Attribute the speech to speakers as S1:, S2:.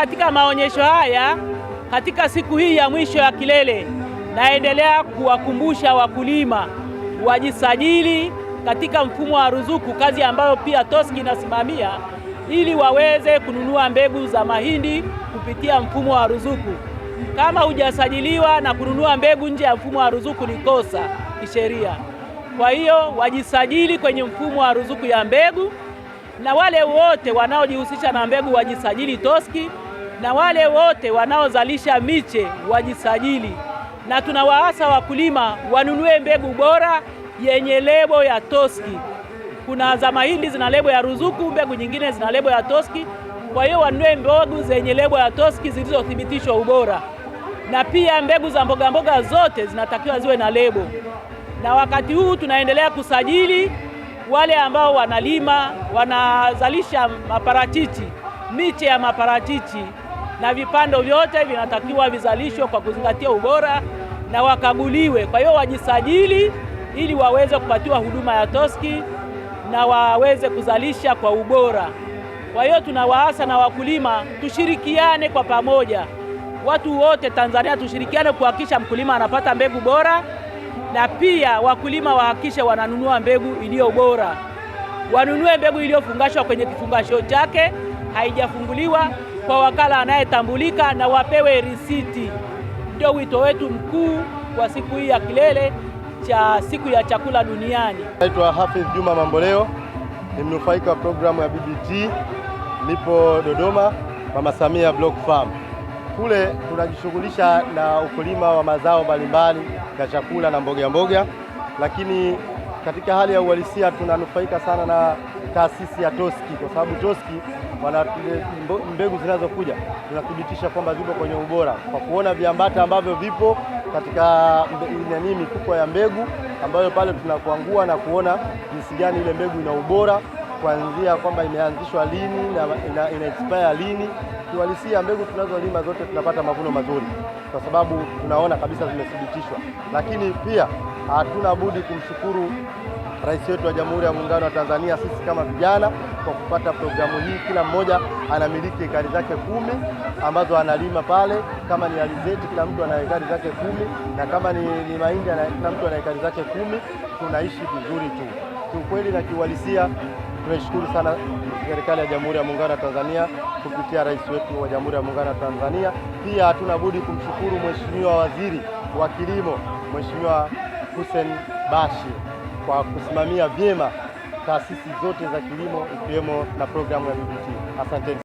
S1: Katika maonyesho haya katika siku hii ya mwisho ya kilele, naendelea kuwakumbusha wakulima wajisajili katika mfumo wa ruzuku, kazi ambayo pia TOSCI inasimamia ili waweze kununua mbegu za mahindi kupitia mfumo wa ruzuku. Kama hujasajiliwa na kununua mbegu nje ya mfumo wa ruzuku ni kosa kisheria. Kwa hiyo wajisajili kwenye mfumo wa ruzuku ya mbegu, na wale wote wanaojihusisha na mbegu wajisajili TOSCI na wale wote wanaozalisha miche wajisajili, na tunawaasa wakulima wanunue mbegu bora yenye lebo ya Toski. Kuna za mahindi zina lebo ya Ruzuku, mbegu nyingine zina lebo ya Toski. Kwa hiyo wanunue mbegu zenye lebo ya Toski zilizothibitishwa ubora, na pia mbegu za mboga mboga zote zinatakiwa ziwe na lebo. Na wakati huu tunaendelea kusajili wale ambao wanalima wanazalisha maparachichi, miche ya maparachichi na vipando vyote vinatakiwa vizalishwe kwa kuzingatia ubora na wakaguliwe. Kwa hiyo wajisajili ili waweze kupatiwa huduma ya toski na waweze kuzalisha kwa ubora. Kwa hiyo tunawaasa na wakulima tushirikiane kwa pamoja, watu wote Tanzania tushirikiane kuhakikisha mkulima anapata mbegu bora, na pia wakulima wahakikishe wananunua mbegu iliyo bora, wanunue mbegu iliyofungashwa kwenye kifungasho chake haijafunguliwa kwa wakala anayetambulika na wapewe risiti. Ndio wito wetu mkuu kwa siku hii ya kilele cha siku ya chakula duniani.
S2: Naitwa Hafidh Juma Mamboleo, ni mnufaika wa programu ya BBT, nipo Dodoma Mama Samia Block Farm. Kule tunajishughulisha na ukulima wa mazao mbalimbali ya chakula na mboga mboga, lakini katika hali ya uhalisia tunanufaika sana na taasisi ya Toski, kwa sababu Toski wana mbegu zinazokuja tunathibitisha kwamba zipo kwenye ubora kwa kuona viambata ambavyo vipo katika nanii mifuko ya mbegu ambayo pale tunakuangua na kuona jinsi gani ile mbegu ina ubora kuanzia kwamba imeanzishwa lini na ina, ina expire lini kiuhalisia mbegu tunazolima zote tunapata mavuno mazuri, kwa sababu tunaona kabisa zimethibitishwa. Lakini pia hatuna budi kumshukuru Rais wetu wa Jamhuri ya Muungano wa Tanzania, sisi kama vijana kwa kupata programu hii. Kila mmoja anamiliki ekari zake kumi ambazo analima pale. Kama ni alizeti, kila mtu ana ekari zake kumi na kama ni, ni mahindi, kila mtu ana ekari zake kumi. Tunaishi vizuri tu kiukweli na kiuhalisia, tunaishukuru sana serikali ya Jamhuri ya Muungano wa Tanzania kupitia rais wetu wa Jamhuri ya Muungano wa Tanzania. Pia hatuna budi kumshukuru Mheshimiwa Waziri wa Kilimo, Mheshimiwa Hussein bashi kwa kusimamia vyema taasisi zote za kilimo ikiwemo na programu ya BBT. Asanteni.